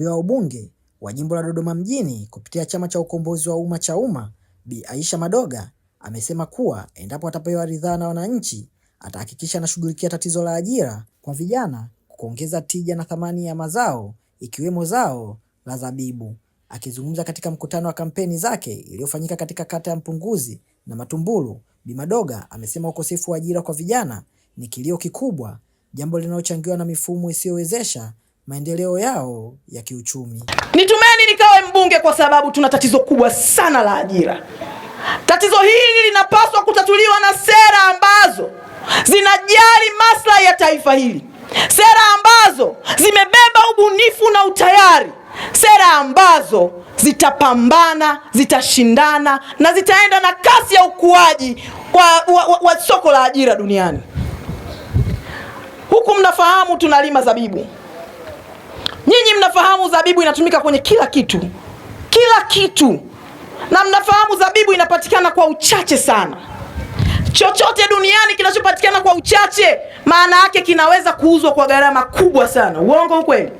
mgombea wa ubunge wa jimbo la Dodoma mjini kupitia chama cha ukombozi wa umma umma Bi Aisha Madoga amesema kuwa endapo atapewa ridhaa na wananchi atahakikisha anashughulikia tatizo la ajira kwa vijana kuongeza tija na thamani ya mazao ikiwemo zao la zabibu. Akizungumza katika mkutano wa kampeni zake iliyofanyika katika kata ya Mpunguzi na Matumbulu, Bi Madoga amesema ukosefu wa ajira kwa vijana ni kilio kikubwa, jambo linalochangiwa na mifumo isiyowezesha maendeleo yao ya kiuchumi. Nitumeni nikawe mbunge kwa sababu tuna tatizo kubwa sana la ajira. Tatizo hili linapaswa kutatuliwa na sera ambazo zinajali maslahi ya taifa hili, sera ambazo zimebeba ubunifu na utayari, sera ambazo zitapambana, zitashindana na zitaenda na kasi ya ukuaji wa, wa, wa, wa soko la ajira duniani. Huku mnafahamu tunalima zabibu. Nyinyi mnafahamu zabibu inatumika kwenye kila kitu, kila kitu, na mnafahamu zabibu inapatikana kwa uchache sana. Chochote duniani kinachopatikana kwa uchache, maana yake kinaweza kuuzwa kwa gharama kubwa sana. Uongo ukweli?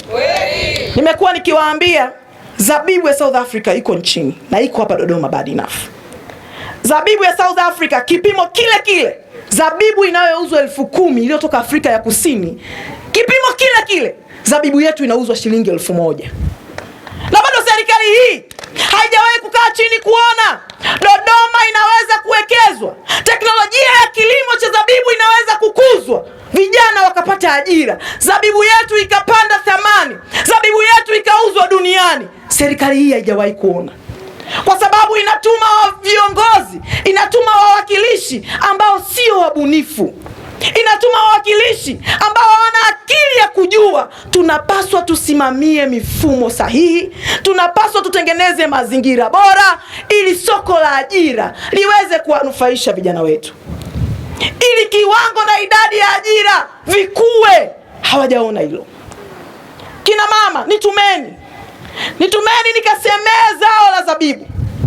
Nimekuwa nikiwaambia zabibu ya South Africa iko nchini na iko hapa Dodoma, bad enough. Zabibu ya South Africa kipimo kile kile, zabibu inayouzwa elfu kumi iliyotoka Afrika ya Kusini, kipimo kile kile zabibu yetu inauzwa shilingi elfu moja na bado serikali hii haijawahi kukaa chini kuona Dodoma inaweza kuwekezwa, teknolojia ya kilimo cha zabibu inaweza kukuzwa, vijana wakapata ajira, zabibu yetu ikapanda thamani, zabibu yetu ikauzwa duniani. Serikali hii haijawahi kuona kwa sababu inatuma viongozi, inatuma wawakilishi ambao sio wabunifu, inatuma wawakilishi ambao wana akili tunapaswa tusimamie mifumo sahihi, tunapaswa tutengeneze mazingira bora ili soko la ajira liweze kuwanufaisha vijana wetu, ili kiwango na idadi ya ajira vikue. Hawajaona hilo. Kina mama, nitumeni, nitumeni nikasemee zao la zabibu,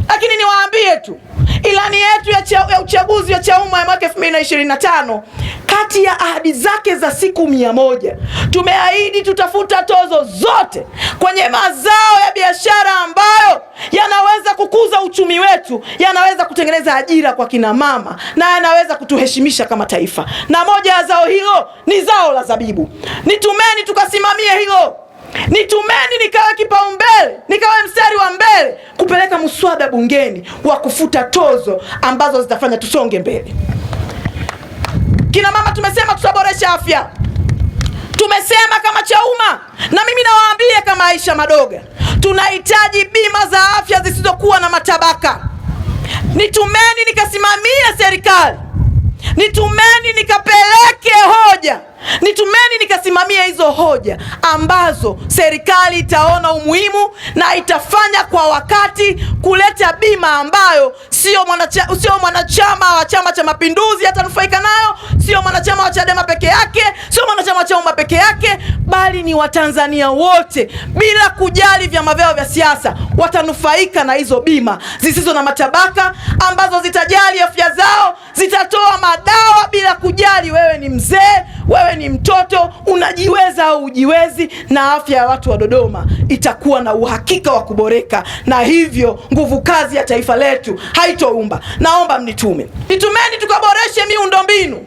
lakini niwaambie tu Ilani yetu ya, cha, ya uchaguzi wa Chauma ya mwaka 2025 kati ya ahadi zake za siku mia moja tumeahidi tutafuta tozo zote kwenye mazao ya biashara ambayo yanaweza kukuza uchumi wetu, yanaweza kutengeneza ajira kwa kina mama na yanaweza kutuheshimisha kama taifa, na moja ya zao hilo ni zao la zabibu. Nitumeni tukasimamie hilo, nitume nikawe kipaumbele, nikawe mstari wa mbele kupeleka mswada bungeni wa kufuta tozo ambazo zitafanya tusonge mbele. Kina mama tumesema tutaboresha afya, tumesema kama CHAUMMA, na mimi nawaambia kama Aisha Madoga, tunahitaji bima za afya zisizokuwa na matabaka. Nitumeni nikasimamia serikali nitumeni nikapeleke hoja, nitumeni nikasimamia hizo hoja ambazo serikali itaona umuhimu na itafanya kwa wakati kuleta bima ambayo sio mwanachama, sio mwanachama wa Chama cha Mapinduzi atanufaika nayo, sio mwanachama wa Chadema peke yake, sio mwanachama wa Chauma peke yake, bali ni Watanzania wote bila kujali vyama vyao vya siasa, watanufaika na hizo bima zisizo na matabaka ambazo zitajali afya zao, zitatoa madawa bila kujali wewe ni mzee, wewe ni mtoto, unajiweza au ujiwezi, na afya ya watu wa Dodoma itakuwa na uhakika wa kuboreka, na hivyo nguvu kazi ya taifa letu haitoumba. Naomba mnitume, nitumeni tukaboreshe miundombinu.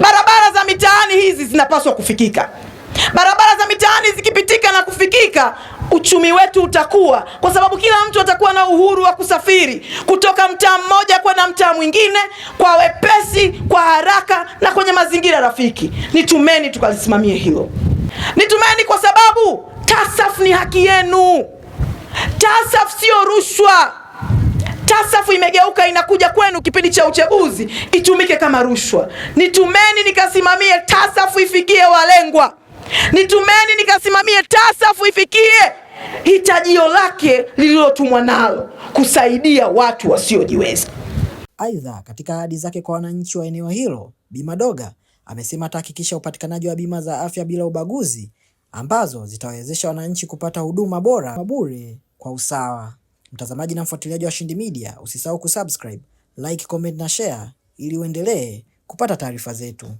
Barabara za mitaani hizi zinapaswa kufikika barabara za mitaani zikipitika na kufikika uchumi wetu utakuwa, kwa sababu kila mtu atakuwa na uhuru wa kusafiri kutoka mtaa mmoja kwenda mtaa mwingine kwa wepesi, kwa haraka na kwenye mazingira rafiki. Nitumeni tukalisimamie hilo, nitumeni kwa sababu TASAF ni haki yenu. TASAF sio rushwa. TASAF imegeuka inakuja kwenu kipindi cha uchaguzi itumike kama rushwa. Nitumeni nikasimamie TASAF ifikie walengwa nitumeni nikasimamie TASAFU ifikie hitajio lake lililotumwa nalo kusaidia watu wasiojiweza. Aidha, katika ahadi zake kwa wananchi wa eneo hilo, Bi Madoga amesema atahakikisha upatikanaji wa bima za afya bila ubaguzi ambazo zitawezesha wananchi kupata huduma bora bure kwa usawa. Mtazamaji na mfuatiliaji wa Washindi Media, usisahau kusubscribe, like, comment na share ili uendelee kupata taarifa zetu.